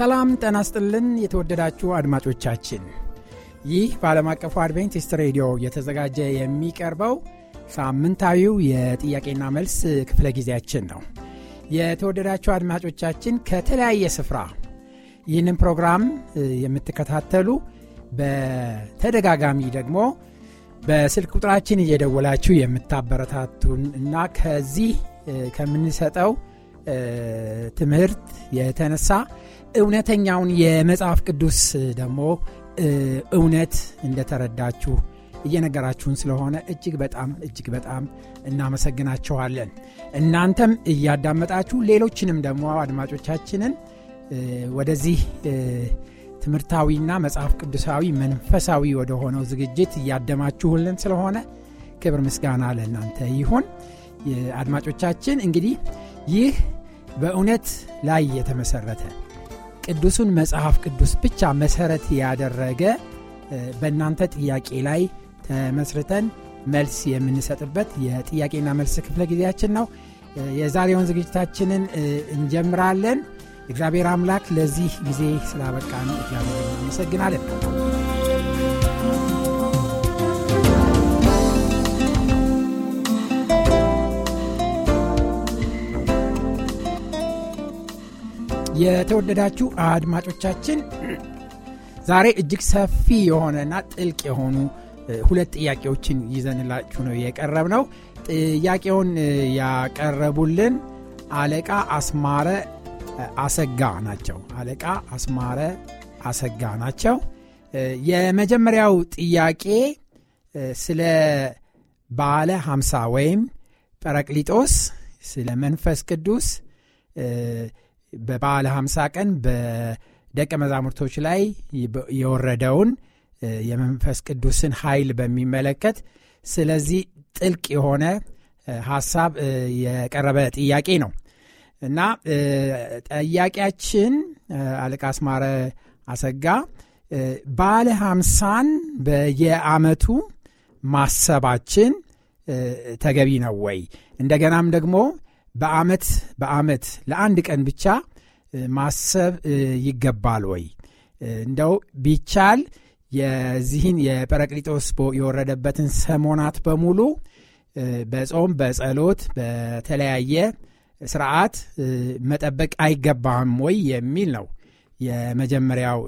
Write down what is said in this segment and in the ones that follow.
ሰላም ጤና ይስጥልን የተወደዳችሁ አድማጮቻችን፣ ይህ በዓለም አቀፉ አድቬንቲስት ሬዲዮ የተዘጋጀ የሚቀርበው ሳምንታዊው የጥያቄና መልስ ክፍለ ጊዜያችን ነው። የተወደዳችሁ አድማጮቻችን ከተለያየ ስፍራ ይህንን ፕሮግራም የምትከታተሉ በተደጋጋሚ ደግሞ በስልክ ቁጥራችን እየደወላችሁ የምታበረታቱን እና ከዚህ ከምንሰጠው ትምህርት የተነሳ እውነተኛውን የመጽሐፍ ቅዱስ ደግሞ እውነት እንደተረዳችሁ እየነገራችሁን ስለሆነ እጅግ በጣም እጅግ በጣም እናመሰግናችኋለን። እናንተም እያዳመጣችሁ ሌሎችንም ደግሞ አድማጮቻችንን ወደዚህ ትምህርታዊና መጽሐፍ ቅዱሳዊ መንፈሳዊ ወደሆነው ዝግጅት እያደማችሁልን ስለሆነ ክብር ምስጋና ለእናንተ ይሁን። አድማጮቻችን እንግዲህ ይህ በእውነት ላይ የተመሰረተ ቅዱሱን መጽሐፍ ቅዱስ ብቻ መሰረት ያደረገ በእናንተ ጥያቄ ላይ ተመስርተን መልስ የምንሰጥበት የጥያቄና መልስ ክፍለ ጊዜያችን ነው። የዛሬውን ዝግጅታችንን እንጀምራለን። እግዚአብሔር አምላክ ለዚህ ጊዜ ስላበቃን እግዚአብሔር እናመሰግናለን። የተወደዳችሁ አድማጮቻችን ዛሬ እጅግ ሰፊ የሆነና ጥልቅ የሆኑ ሁለት ጥያቄዎችን ይዘንላችሁ ነው የቀረብ ነው ጥያቄውን ያቀረቡልን አለቃ አስማረ አሰጋ ናቸው አለቃ አስማረ አሰጋ ናቸው የመጀመሪያው ጥያቄ ስለ ባለ ሀምሳ ወይም ጰረቅሊጦስ ስለ መንፈስ ቅዱስ በበዓለ ሐምሳ ቀን በደቀ መዛሙርቶች ላይ የወረደውን የመንፈስ ቅዱስን ኃይል በሚመለከት ስለዚህ ጥልቅ የሆነ ሐሳብ የቀረበ ጥያቄ ነው እና ጠያቂያችን አለቃ አስማረ አሰጋ በዓለ ሐምሳን በየአመቱ ማሰባችን ተገቢ ነው ወይ? እንደገናም ደግሞ በአመት በአመት ለአንድ ቀን ብቻ ማሰብ ይገባል ወይ? እንደው ቢቻል የዚህን የጰረቅሊጦስ የወረደበትን ሰሞናት በሙሉ በጾም በጸሎት በተለያየ ስርዓት መጠበቅ አይገባም ወይ የሚል ነው የመጀመሪያው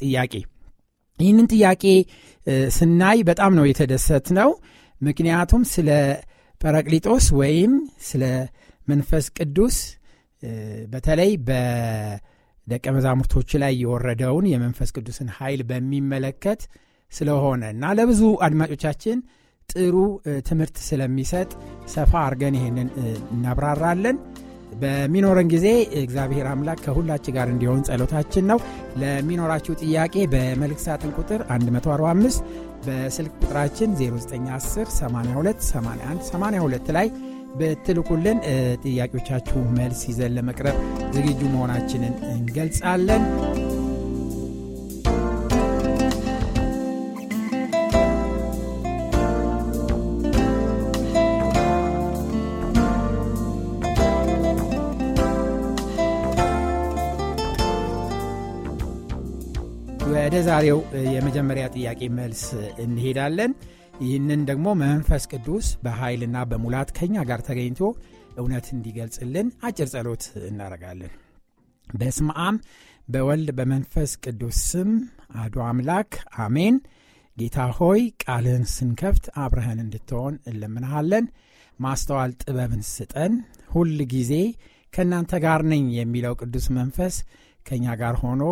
ጥያቄ። ይህንን ጥያቄ ስናይ በጣም ነው የተደሰት ነው። ምክንያቱም ስለ ጰረቅሊጦስ ወይም ስለ መንፈስ ቅዱስ በተለይ በደቀ መዛሙርቶች ላይ የወረደውን የመንፈስ ቅዱስን ኃይል በሚመለከት ስለሆነ እና ለብዙ አድማጮቻችን ጥሩ ትምህርት ስለሚሰጥ ሰፋ አድርገን ይህንን እናብራራለን። በሚኖረን ጊዜ እግዚአብሔር አምላክ ከሁላችን ጋር እንዲሆን ጸሎታችን ነው። ለሚኖራችሁ ጥያቄ በመልእክት ሳጥን ቁጥር 145 በስልክ ቁጥራችን 0910828182 ላይ ብትልኩልን ጥያቄዎቻችሁ መልስ ይዘን ለመቅረብ ዝግጁ መሆናችንን እንገልጻለን። ወደ ዛሬው የመጀመሪያ ጥያቄ መልስ እንሄዳለን። ይህንን ደግሞ መንፈስ ቅዱስ በኃይልና በሙላት ከኛ ጋር ተገኝቶ እውነት እንዲገልጽልን አጭር ጸሎት እናደርጋለን። በስመ በወልድ በመንፈስ ቅዱስ ስም አዶ አምላክ አሜን። ጌታ ሆይ ቃልህን ስንከፍት አብርሃን እንድትሆን እንለምንሃለን። ማስተዋል ጥበብን ስጠን። ሁል ጊዜ ከእናንተ ጋር ነኝ የሚለው ቅዱስ መንፈስ ከእኛ ጋር ሆኖ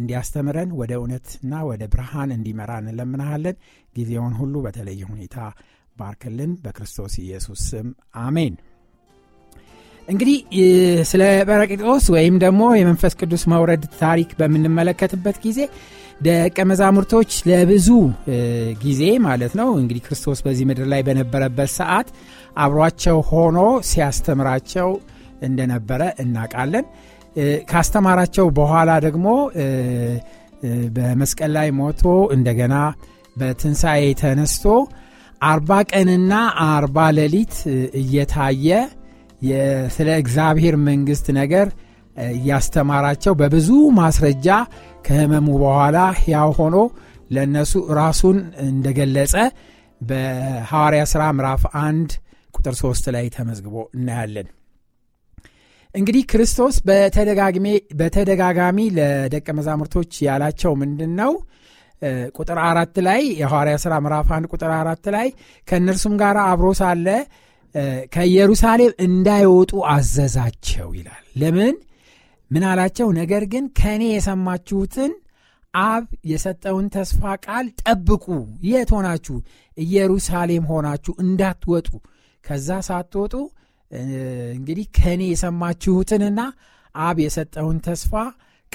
እንዲያስተምረን ወደ እውነትና ወደ ብርሃን እንዲመራ እንለምናሃለን። ጊዜውን ሁሉ በተለየ ሁኔታ ባርክልን። በክርስቶስ ኢየሱስ ስም አሜን። እንግዲህ ስለ በረቂጦስ ወይም ደግሞ የመንፈስ ቅዱስ መውረድ ታሪክ በምንመለከትበት ጊዜ ደቀ መዛሙርቶች ለብዙ ጊዜ ማለት ነው እንግዲህ ክርስቶስ በዚህ ምድር ላይ በነበረበት ሰዓት አብሯቸው ሆኖ ሲያስተምራቸው እንደነበረ እናውቃለን። ካስተማራቸው በኋላ ደግሞ በመስቀል ላይ ሞቶ እንደገና በትንሣኤ ተነስቶ አርባ ቀንና አርባ ሌሊት እየታየ ስለ እግዚአብሔር መንግሥት ነገር እያስተማራቸው በብዙ ማስረጃ ከህመሙ በኋላ ያው ሆኖ ለእነሱ ራሱን እንደገለጸ በሐዋርያ ሥራ ምዕራፍ 1 ቁጥር 3 ላይ ተመዝግቦ እናያለን። እንግዲህ ክርስቶስ በተደጋጋሚ ለደቀ መዛሙርቶች ያላቸው ምንድን ነው? ቁጥር አራት ላይ የሐዋርያ ሥራ ምዕራፍ አንድ ቁጥር አራት ላይ ከእነርሱም ጋር አብሮ ሳለ ከኢየሩሳሌም እንዳይወጡ አዘዛቸው ይላል። ለምን ምን አላቸው? ነገር ግን ከእኔ የሰማችሁትን አብ የሰጠውን ተስፋ ቃል ጠብቁ። የት ሆናችሁ? ኢየሩሳሌም ሆናችሁ እንዳትወጡ ከዛ ሳትወጡ እንግዲህ ከእኔ የሰማችሁትንና አብ የሰጠውን ተስፋ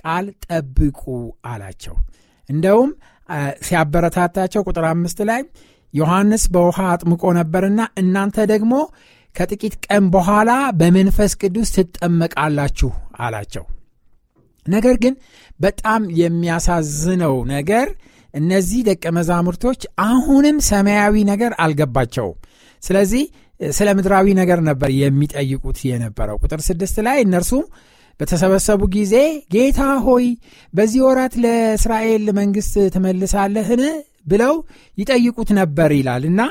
ቃል ጠብቁ አላቸው። እንደውም ሲያበረታታቸው ቁጥር አምስት ላይ ዮሐንስ በውሃ አጥምቆ ነበርና እናንተ ደግሞ ከጥቂት ቀን በኋላ በመንፈስ ቅዱስ ትጠመቃላችሁ አላቸው። ነገር ግን በጣም የሚያሳዝነው ነገር እነዚህ ደቀ መዛሙርቶች አሁንም ሰማያዊ ነገር አልገባቸውም። ስለዚህ ስለ ምድራዊ ነገር ነበር የሚጠይቁት የነበረው። ቁጥር ስድስት ላይ እነርሱም በተሰበሰቡ ጊዜ ጌታ ሆይ በዚህ ወራት ለእስራኤል መንግስት ትመልሳለህን ብለው ይጠይቁት ነበር ይላል እና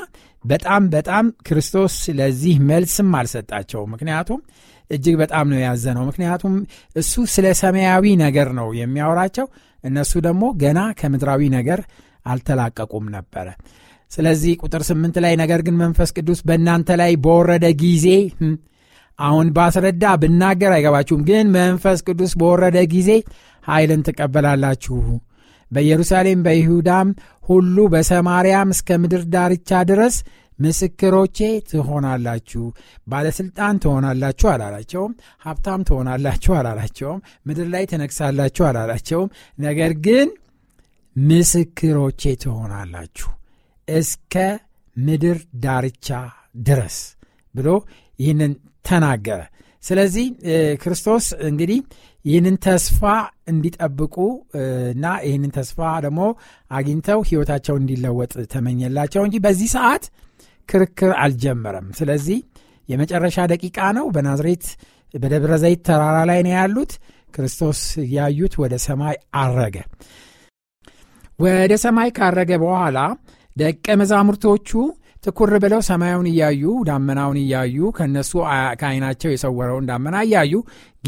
በጣም በጣም ክርስቶስ ለዚህ መልስም አልሰጣቸው። ምክንያቱም እጅግ በጣም ነው ያዘነው። ምክንያቱም እሱ ስለ ሰማያዊ ነገር ነው የሚያወራቸው፣ እነሱ ደግሞ ገና ከምድራዊ ነገር አልተላቀቁም ነበረ። ስለዚህ ቁጥር ስምንት ላይ ነገር ግን መንፈስ ቅዱስ በእናንተ ላይ በወረደ ጊዜ አሁን ባስረዳ ብናገር አይገባችሁም፣ ግን መንፈስ ቅዱስ በወረደ ጊዜ ኃይልን ትቀበላላችሁ በኢየሩሳሌም በይሁዳም ሁሉ በሰማርያም እስከ ምድር ዳርቻ ድረስ ምስክሮቼ ትሆናላችሁ። ባለስልጣን ትሆናላችሁ አላላቸውም። ሀብታም ትሆናላችሁ አላላቸውም። ምድር ላይ ትነግሳላችሁ አላላቸውም። ነገር ግን ምስክሮቼ ትሆናላችሁ እስከ ምድር ዳርቻ ድረስ ብሎ ይህንን ተናገረ። ስለዚህ ክርስቶስ እንግዲህ ይህንን ተስፋ እንዲጠብቁ እና ይህንን ተስፋ ደግሞ አግኝተው ህይወታቸው እንዲለወጥ ተመኘላቸው እንጂ በዚህ ሰዓት ክርክር አልጀመረም። ስለዚህ የመጨረሻ ደቂቃ ነው። በናዝሬት በደብረ ዘይት ተራራ ላይ ነው ያሉት። ክርስቶስ ያዩት ወደ ሰማይ አረገ። ወደ ሰማይ ካረገ በኋላ ደቀ መዛሙርቶቹ ትኩር ብለው ሰማዩን እያዩ ዳመናውን እያዩ ከእነሱ ከአይናቸው የሰወረውን ዳመና እያዩ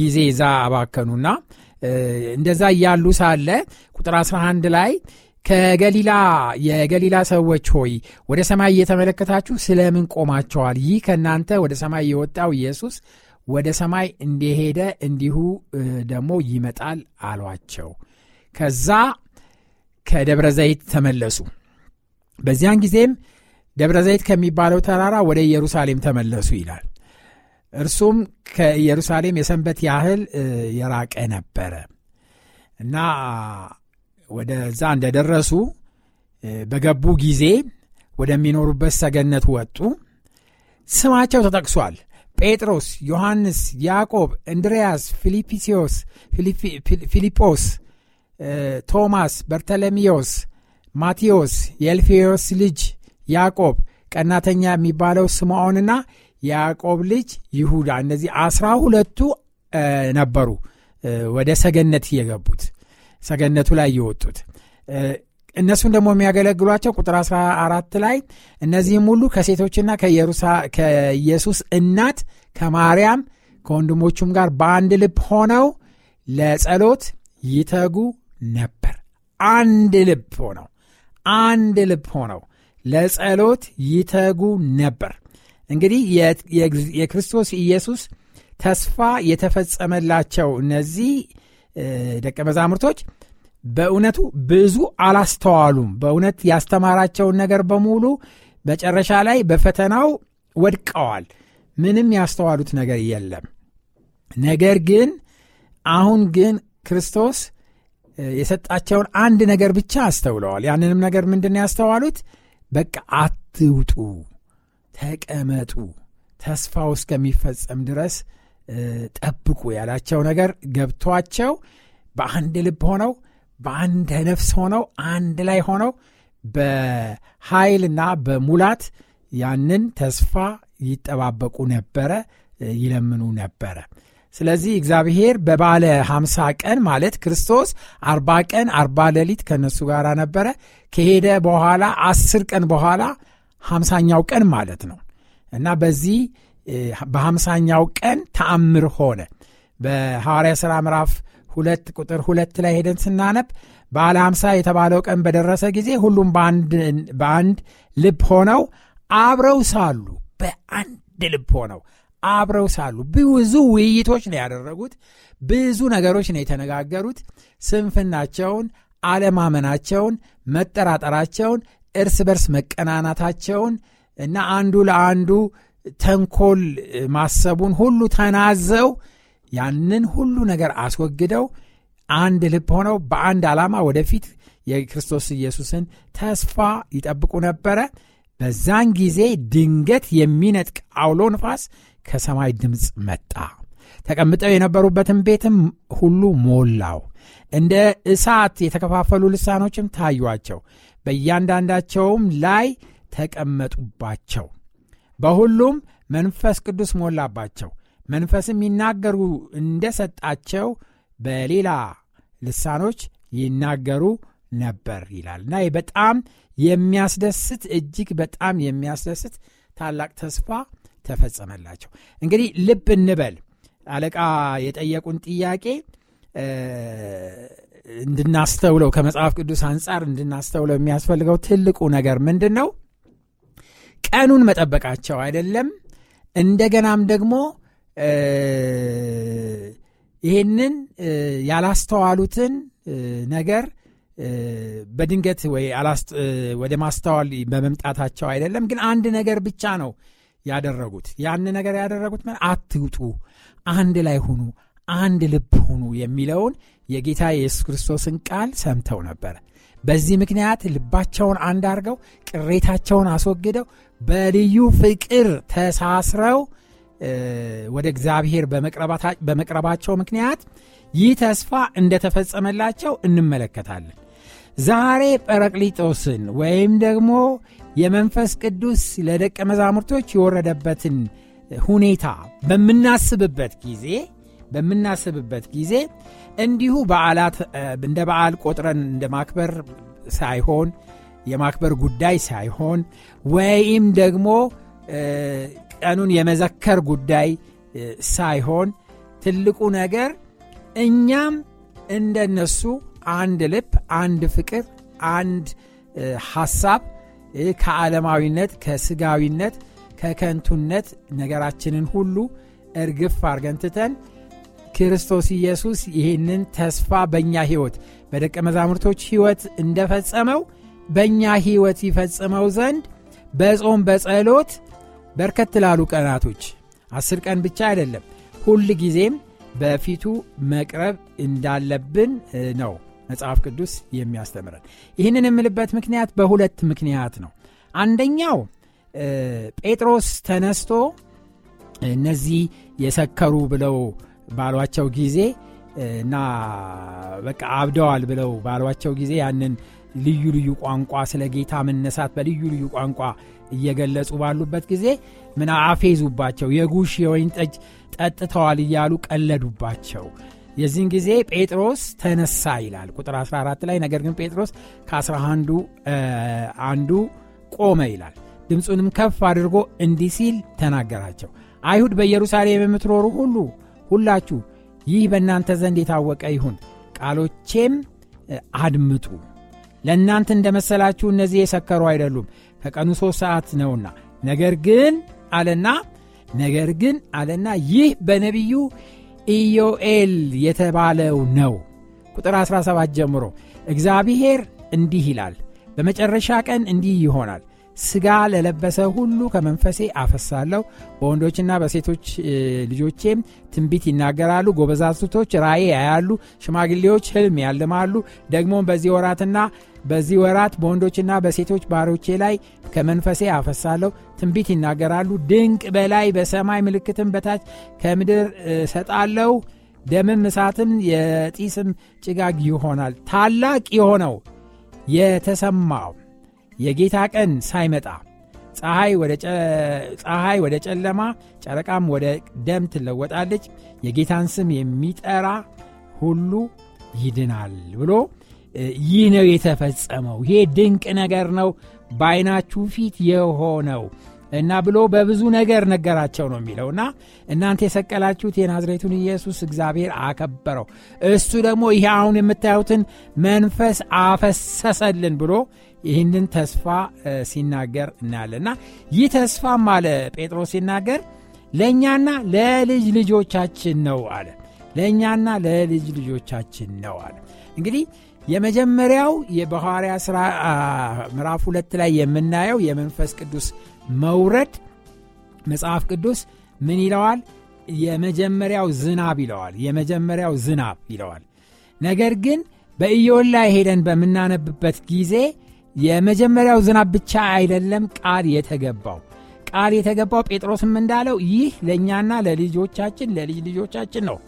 ጊዜ ዛ አባከኑና እንደዛ እያሉ ሳለ ቁጥር 11 ላይ ከገሊላ የገሊላ ሰዎች ሆይ ወደ ሰማይ እየተመለከታችሁ ስለምን ቆማቸዋል? ይህ ከእናንተ ወደ ሰማይ የወጣው ኢየሱስ ወደ ሰማይ እንደሄደ እንዲሁ ደግሞ ይመጣል አሏቸው። ከዛ ከደብረ ዘይት ተመለሱ። በዚያን ጊዜም ደብረ ዘይት ከሚባለው ተራራ ወደ ኢየሩሳሌም ተመለሱ ይላል። እርሱም ከኢየሩሳሌም የሰንበት ያህል የራቀ ነበረ እና ወደዛ እንደደረሱ በገቡ ጊዜ ወደሚኖሩበት ሰገነት ወጡ። ስማቸው ተጠቅሷል። ጴጥሮስ፣ ዮሐንስ፣ ያዕቆብ፣ እንድርያስ፣ ፊልጶስ፣ ቶማስ፣ በርተለሚዮስ ማቴዎስ፣ የእልፌዎስ ልጅ ያዕቆብ፣ ቀናተኛ የሚባለው ስምዖንና ያዕቆብ ልጅ ይሁዳ እነዚህ አስራ ሁለቱ ነበሩ ወደ ሰገነት የገቡት ሰገነቱ ላይ የወጡት እነሱን ደግሞ የሚያገለግሏቸው ቁጥር 14 ላይ እነዚህም ሁሉ ከሴቶችና ከኢየሱስ እናት ከማርያም ከወንድሞቹም ጋር በአንድ ልብ ሆነው ለጸሎት ይተጉ ነበር። አንድ ልብ ሆነው አንድ ልብ ሆነው ለጸሎት ይተጉ ነበር። እንግዲህ የክርስቶስ ኢየሱስ ተስፋ የተፈጸመላቸው እነዚህ ደቀ መዛሙርቶች በእውነቱ ብዙ አላስተዋሉም። በእውነት ያስተማራቸውን ነገር በሙሉ መጨረሻ ላይ በፈተናው ወድቀዋል። ምንም ያስተዋሉት ነገር የለም። ነገር ግን አሁን ግን ክርስቶስ የሰጣቸውን አንድ ነገር ብቻ አስተውለዋል። ያንንም ነገር ምንድን ነው ያስተዋሉት? በቃ አትውጡ፣ ተቀመጡ፣ ተስፋው እስከሚፈጸም ድረስ ጠብቁ ያላቸው ነገር ገብቷቸው በአንድ ልብ ሆነው በአንድ ነፍስ ሆነው አንድ ላይ ሆነው በኃይልና በሙላት ያንን ተስፋ ይጠባበቁ ነበረ፣ ይለምኑ ነበረ። ስለዚህ እግዚአብሔር በባለ 50 ቀን ማለት ክርስቶስ አርባ ቀን አርባ ሌሊት ከነሱ ጋር ነበረ። ከሄደ በኋላ አስር ቀን በኋላ 50 ቀን ማለት ነው እና በዚህ በሀምሳኛው ቀን ተአምር ሆነ። በሐዋርያ ሥራ ምዕራፍ ሁለት ቁጥር ሁለት ላይ ሄደን ስናነብ ባለ 50 የተባለው ቀን በደረሰ ጊዜ ሁሉም በአንድ ልብ ሆነው አብረው ሳሉ በአንድ ልብ ሆነው አብረው ሳሉ ብዙ ውይይቶች ነው ያደረጉት። ብዙ ነገሮች ነው የተነጋገሩት። ስንፍናቸውን፣ አለማመናቸውን፣ መጠራጠራቸውን፣ እርስ በርስ መቀናናታቸውን እና አንዱ ለአንዱ ተንኮል ማሰቡን ሁሉ ተናዘው ያንን ሁሉ ነገር አስወግደው አንድ ልብ ሆነው በአንድ ዓላማ ወደፊት የክርስቶስ ኢየሱስን ተስፋ ይጠብቁ ነበረ። በዛን ጊዜ ድንገት የሚነጥቅ አውሎ ንፋስ ከሰማይ ድምፅ መጣ። ተቀምጠው የነበሩበትን ቤትም ሁሉ ሞላው። እንደ እሳት የተከፋፈሉ ልሳኖችም ታዩአቸው፣ በእያንዳንዳቸውም ላይ ተቀመጡባቸው። በሁሉም መንፈስ ቅዱስ ሞላባቸው፣ መንፈስም ይናገሩ እንደ ሰጣቸው በሌላ ልሳኖች ይናገሩ ነበር ይላል እና በጣም የሚያስደስት እጅግ በጣም የሚያስደስት ታላቅ ተስፋ ተፈጸመላቸው። እንግዲህ ልብ እንበል አለቃ የጠየቁን ጥያቄ እንድናስተውለው ከመጽሐፍ ቅዱስ አንጻር እንድናስተውለው የሚያስፈልገው ትልቁ ነገር ምንድን ነው? ቀኑን መጠበቃቸው አይደለም። እንደገናም ደግሞ ይህንን ያላስተዋሉትን ነገር በድንገት ወይ ወደ ማስተዋል በመምጣታቸው አይደለም። ግን አንድ ነገር ብቻ ነው ያደረጉት ያን ነገር ያደረጉት ምን አትውጡ፣ አንድ ላይ ሁኑ፣ አንድ ልብ ሁኑ የሚለውን የጌታ የኢየሱስ ክርስቶስን ቃል ሰምተው ነበር። በዚህ ምክንያት ልባቸውን አንድ አድርገው ቅሬታቸውን አስወግደው በልዩ ፍቅር ተሳስረው ወደ እግዚአብሔር በመቅረባቸው ምክንያት ይህ ተስፋ እንደተፈጸመላቸው እንመለከታለን። ዛሬ ጰረቅሊጦስን ወይም ደግሞ የመንፈስ ቅዱስ ለደቀ መዛሙርቶች የወረደበትን ሁኔታ በምናስብበት ጊዜ በምናስብበት ጊዜ እንዲሁ በዓላት እንደ በዓል ቆጥረን እንደ ማክበር ሳይሆን የማክበር ጉዳይ ሳይሆን ወይም ደግሞ ቀኑን የመዘከር ጉዳይ ሳይሆን ትልቁ ነገር እኛም እንደነሱ አንድ ልብ፣ አንድ ፍቅር፣ አንድ ሐሳብ ከዓለማዊነት ከስጋዊነት ከከንቱነት ነገራችንን ሁሉ እርግፍ አርገን ትተን ክርስቶስ ኢየሱስ ይህንን ተስፋ በእኛ ሕይወት በደቀ መዛሙርቶች ሕይወት እንደፈጸመው በእኛ ሕይወት ይፈጽመው ዘንድ በጾም በጸሎት በርከት ላሉ ቀናቶች አስር ቀን ብቻ አይደለም ሁል ጊዜም በፊቱ መቅረብ እንዳለብን ነው። መጽሐፍ ቅዱስ የሚያስተምረን። ይህንን የምልበት ምክንያት በሁለት ምክንያት ነው። አንደኛው ጴጥሮስ ተነስቶ እነዚህ የሰከሩ ብለው ባሏቸው ጊዜ እና በቃ አብደዋል ብለው ባሏቸው ጊዜ ያንን ልዩ ልዩ ቋንቋ ስለ ጌታ መነሳት በልዩ ልዩ ቋንቋ እየገለጹ ባሉበት ጊዜ ምን አፌዙባቸው። የጉሽ የወይን ጠጅ ጠጥተዋል እያሉ ቀለዱባቸው። የዚህን ጊዜ ጴጥሮስ ተነሳ ይላል ቁጥር 14 ላይ። ነገር ግን ጴጥሮስ ከ 11 አንዱ ቆመ ይላል። ድምፁንም ከፍ አድርጎ እንዲህ ሲል ተናገራቸው። አይሁድ በኢየሩሳሌም የምትኖሩ ሁሉ ሁላችሁ ይህ በእናንተ ዘንድ የታወቀ ይሁን፣ ቃሎቼም አድምጡ። ለእናንተ እንደ መሰላችሁ እነዚህ የሰከሩ አይደሉም፣ ከቀኑ ሦስት ሰዓት ነውና። ነገር ግን አለና ነገር ግን አለና ይህ በነቢዩ ኢዮኤል የተባለው ነው። ቁጥር 17 ጀምሮ እግዚአብሔር እንዲህ ይላል፣ በመጨረሻ ቀን እንዲህ ይሆናል ሥጋ ለለበሰ ሁሉ ከመንፈሴ አፈሳለሁ፣ በወንዶችና በሴቶች ልጆቼም ትንቢት ይናገራሉ፣ ጎበዛቱቶች ራእይ ያያሉ፣ ሽማግሌዎች ህልም ያልማሉ። ደግሞም በዚህ ወራትና በዚህ ወራት በወንዶችና በሴቶች ባሮቼ ላይ ከመንፈሴ አፈሳለሁ፣ ትንቢት ይናገራሉ። ድንቅ በላይ በሰማይ ምልክትን በታች ከምድር እሰጣለሁ። ደምም እሳትም የጢስም ጭጋግ ይሆናል። ታላቅ የሆነው የተሰማው የጌታ ቀን ሳይመጣ ፀሐይ ወደ ጨለማ ጨረቃም ወደ ደም ትለወጣለች። የጌታን ስም የሚጠራ ሁሉ ይድናል ብሎ ይህ ነው የተፈጸመው፣ ይሄ ድንቅ ነገር ነው በአይናችሁ ፊት የሆነው እና ብሎ በብዙ ነገር ነገራቸው ነው የሚለው እና እናንተ የሰቀላችሁት የናዝሬቱን ኢየሱስ እግዚአብሔር አከበረው፣ እሱ ደግሞ ይህ አሁን የምታዩትን መንፈስ አፈሰሰልን ብሎ ይህንን ተስፋ ሲናገር እናያለን እና ይህ ተስፋም አለ ጴጥሮስ ሲናገር ለእኛና ለልጅ ልጆቻችን ነው አለ ለእኛና ለልጅ ልጆቻችን ነው አለ እንግዲህ የመጀመሪያው የሐዋርያ ሥራ ምዕራፍ ሁለት ላይ የምናየው የመንፈስ ቅዱስ መውረድ መጽሐፍ ቅዱስ ምን ይለዋል? የመጀመሪያው ዝናብ ይለዋል። የመጀመሪያው ዝናብ ይለዋል። ነገር ግን በኢዮን ላይ ሄደን በምናነብበት ጊዜ የመጀመሪያው ዝናብ ብቻ አይደለም ቃል የተገባው ቃል የተገባው ጴጥሮስም እንዳለው ይህ ለእኛና ለልጆቻችን ለልጅ ልጆቻችን ነው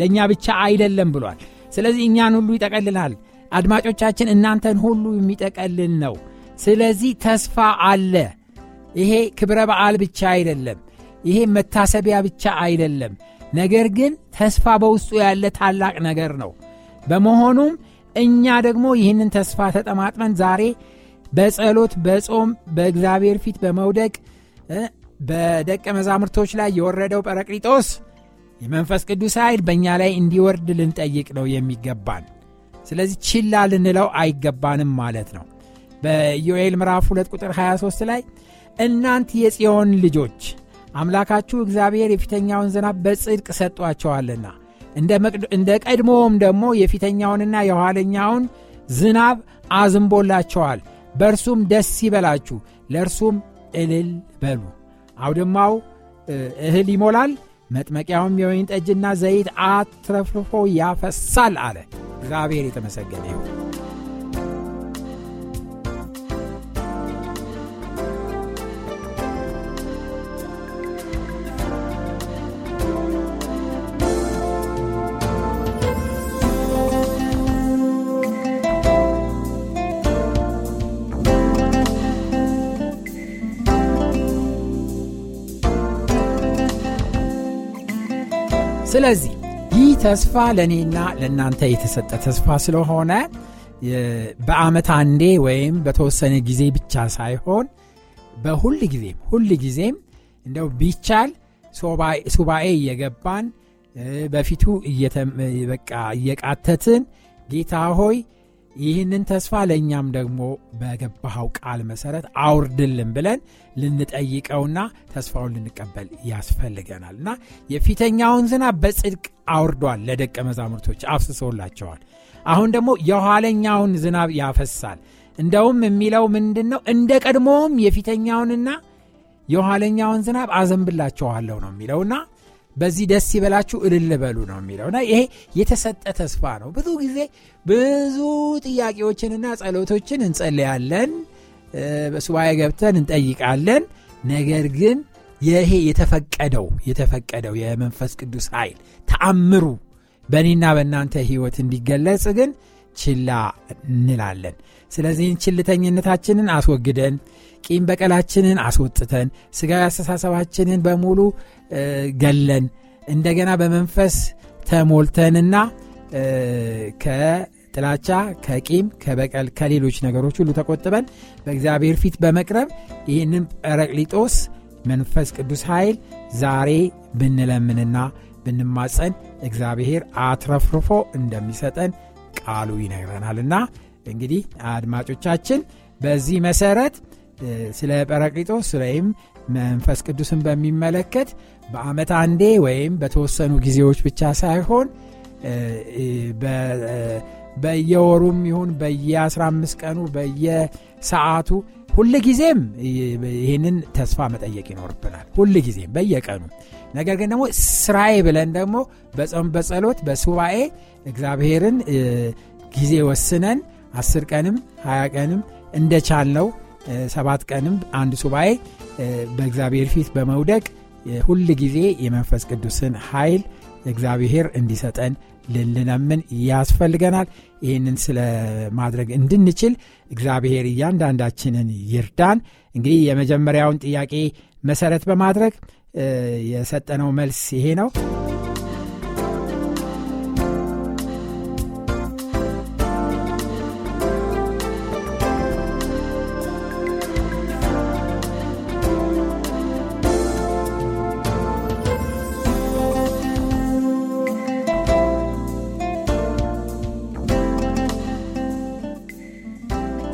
ለእኛ ብቻ አይደለም ብሏል። ስለዚህ እኛን ሁሉ ይጠቀልላል። አድማጮቻችን እናንተን ሁሉ የሚጠቀልል ነው። ስለዚህ ተስፋ አለ። ይሄ ክብረ በዓል ብቻ አይደለም። ይሄ መታሰቢያ ብቻ አይደለም። ነገር ግን ተስፋ በውስጡ ያለ ታላቅ ነገር ነው። በመሆኑም እኛ ደግሞ ይህንን ተስፋ ተጠማጥመን ዛሬ በጸሎት በጾም በእግዚአብሔር ፊት በመውደቅ በደቀ መዛሙርቶች ላይ የወረደው ጰራቅሊጦስ የመንፈስ ቅዱስ ኃይል በእኛ ላይ እንዲወርድ ልንጠይቅ ነው የሚገባን። ስለዚህ ችላ ልንለው አይገባንም ማለት ነው። በኢዮኤል ምዕራፍ 2 ቁጥር 23 ላይ እናንት የጽዮን ልጆች አምላካችሁ እግዚአብሔር የፊተኛውን ዝናብ በጽድቅ ሰጧቸዋልና እንደ ቀድሞውም ደግሞ የፊተኛውንና የኋለኛውን ዝናብ አዝንቦላቸዋል። በእርሱም ደስ ይበላችሁ፣ ለእርሱም እልል በሉ። አውድማው እህል ይሞላል፣ መጥመቂያውም የወይን ጠጅና ዘይት አትረፍርፎ ያፈሳል አለ። እግዚአብሔር የተመሰገነ ይሁን። ስለዚህ ይህ ተስፋ ለእኔና ለእናንተ የተሰጠ ተስፋ ስለሆነ በአመት አንዴ ወይም በተወሰነ ጊዜ ብቻ ሳይሆን በሁል ጊዜም ሁል ጊዜም እንደው ቢቻል ሱባኤ እየገባን በፊቱ በቃ እየቃተትን ጌታ ሆይ ይህንን ተስፋ ለእኛም ደግሞ በገባኸው ቃል መሰረት አውርድልን ብለን ልንጠይቀውና ተስፋውን ልንቀበል ያስፈልገናል እና የፊተኛውን ዝናብ በጽድቅ አውርዷል፣ ለደቀ መዛሙርቶች አፍስሶላቸዋል። አሁን ደግሞ የኋለኛውን ዝናብ ያፈሳል። እንደውም የሚለው ምንድን ነው? እንደ ቀድሞውም የፊተኛውንና የኋለኛውን ዝናብ አዘንብላቸኋለሁ ነው የሚለውና በዚህ ደስ ይበላችሁ እልል በሉ ነው የሚለው እና ይሄ የተሰጠ ተስፋ ነው። ብዙ ጊዜ ብዙ ጥያቄዎችንና ጸሎቶችን እንጸልያለን፣ በሱባኤ ገብተን እንጠይቃለን። ነገር ግን ይሄ የተፈቀደው የተፈቀደው የመንፈስ ቅዱስ ኃይል ተአምሩ በእኔና በእናንተ ህይወት እንዲገለጽ ግን ችላ እንላለን። ስለዚህ ችልተኝነታችንን አስወግደን ቂም በቀላችንን አስወጥተን ስጋዊ አስተሳሰባችንን በሙሉ ገለን እንደገና በመንፈስ ተሞልተንና ከጥላቻ ከቂም ከበቀል ከሌሎች ነገሮች ሁሉ ተቆጥበን በእግዚአብሔር ፊት በመቅረብ ይህንን ጰራቅሊጦስ መንፈስ ቅዱስ ኃይል ዛሬ ብንለምንና ብንማፀን እግዚአብሔር አትረፍርፎ እንደሚሰጠን ቃሉ ይነግረናልና እንግዲህ አድማጮቻችን በዚህ መሰረት ስለ ጰራቅሊጦስ ወይም መንፈስ ቅዱስን በሚመለከት በአመት አንዴ ወይም በተወሰኑ ጊዜዎች ብቻ ሳይሆን በየወሩም ይሁን በየ15 ቀኑ በየሰዓቱ ሁል ጊዜም ይህንን ተስፋ መጠየቅ ይኖርብናል። ሁል ጊዜም በየቀኑ ነገር ግን ደግሞ ስራዬ ብለን ደግሞ በጾም በጸሎት በሱባኤ እግዚአብሔርን ጊዜ ወስነን አስር ቀንም ሀያ ቀንም እንደቻልነው ሰባት ቀንም አንድ ሱባኤ በእግዚአብሔር ፊት በመውደቅ ሁል ጊዜ የመንፈስ ቅዱስን ኃይል እግዚአብሔር እንዲሰጠን ልንለምን ያስፈልገናል። ይህንን ስለ ማድረግ እንድንችል እግዚአብሔር እያንዳንዳችንን ይርዳን። እንግዲህ የመጀመሪያውን ጥያቄ መሰረት በማድረግ የሰጠነው መልስ ይሄ ነው።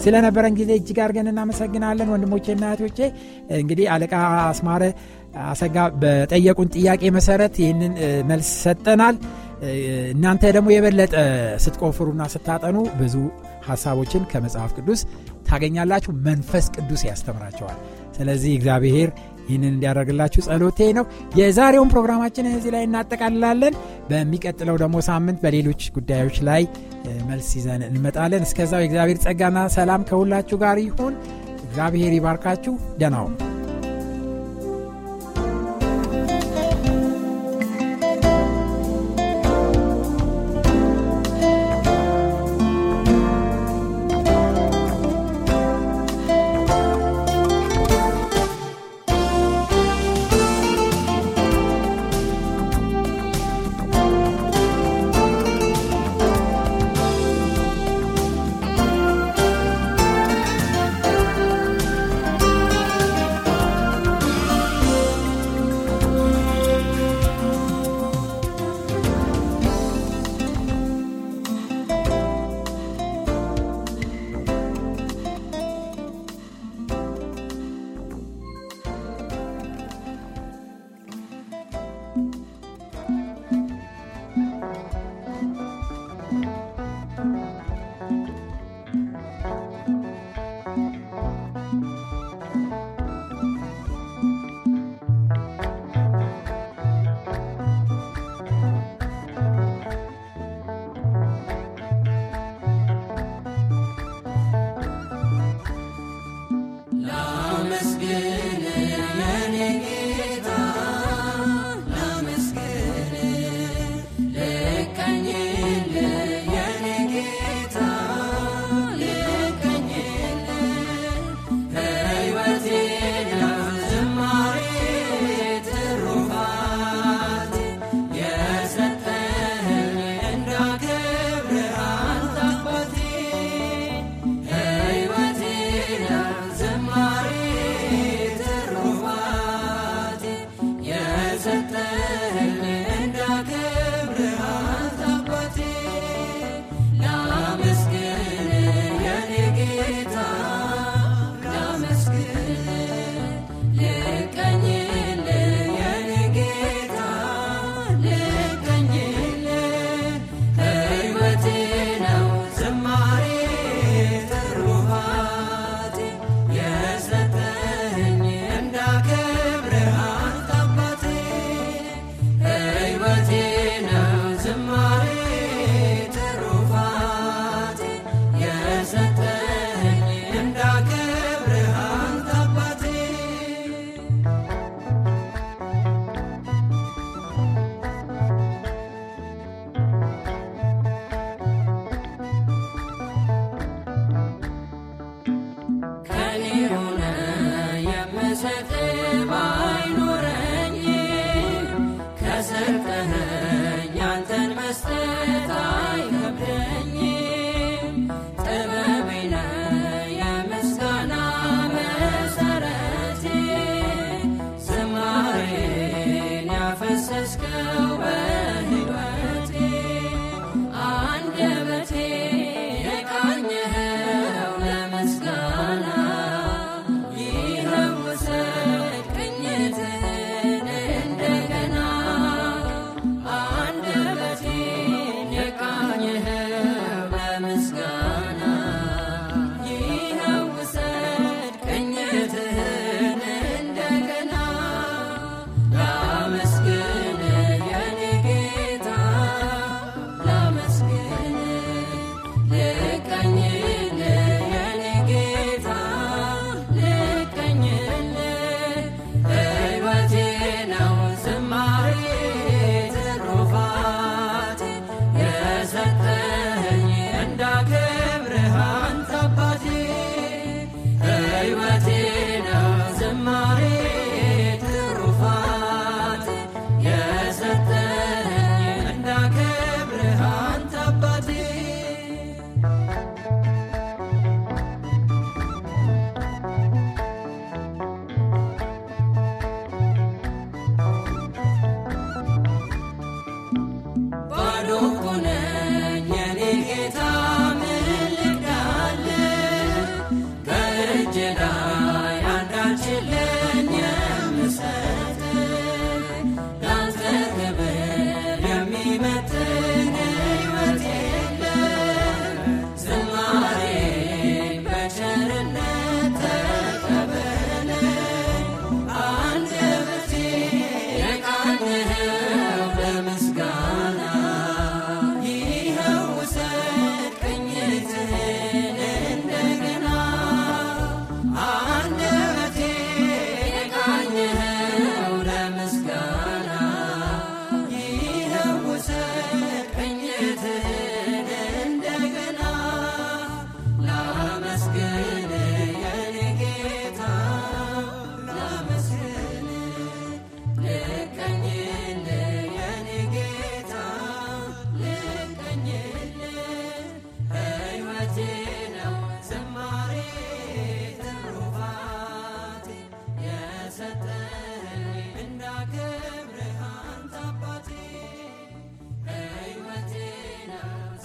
ስለነበረን ጊዜ እጅግ አድርገን እናመሰግናለን ወንድሞቼና እህቶቼ እንግዲህ አለቃ አስማረ አሰጋ በጠየቁን ጥያቄ መሰረት ይህንን መልስ ሰጠናል እናንተ ደግሞ የበለጠ ስትቆፍሩና ስታጠኑ ብዙ ሀሳቦችን ከመጽሐፍ ቅዱስ ታገኛላችሁ መንፈስ ቅዱስ ያስተምራቸዋል ስለዚህ እግዚአብሔር ይህንን እንዲያደርግላችሁ ጸሎቴ ነው። የዛሬውን ፕሮግራማችንን እዚህ ላይ እናጠቃልላለን። በሚቀጥለው ደግሞ ሳምንት በሌሎች ጉዳዮች ላይ መልስ ይዘን እንመጣለን። እስከዛው የእግዚአብሔር ጸጋና ሰላም ከሁላችሁ ጋር ይሁን። እግዚአብሔር ይባርካችሁ። ደህና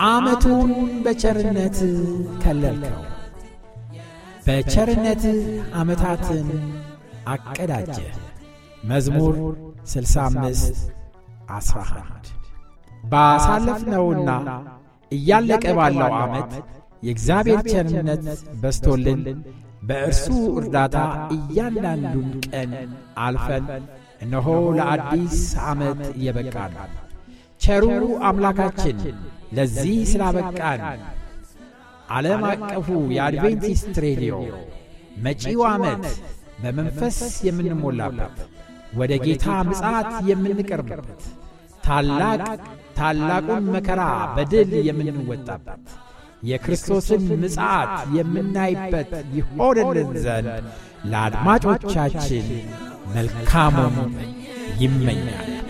ዓመቱን በቸርነት ከለልከው፣ በቸርነት ዓመታትን አቀዳጀ። መዝሙር 65 11 ባሳለፍነውና እያለቀ ባለው ዓመት የእግዚአብሔር ቸርነት በስቶልን በእርሱ እርዳታ እያንዳንዱን ቀን አልፈን እነሆ ለአዲስ ዓመት እየበቃ ነው። ቸሩ አምላካችን ለዚህ ስላበቃን ዓለም አቀፉ የአድቬንቲስት ሬዲዮ መጪው ዓመት በመንፈስ የምንሞላበት ወደ ጌታ ምጽት የምንቀርብበት ታላቅ ታላቁን መከራ በድል የምንወጣበት የክርስቶስን ምጽት የምናይበት ይሆንልን ዘንድ ለአድማጮቻችን መልካሙን ይመኛል።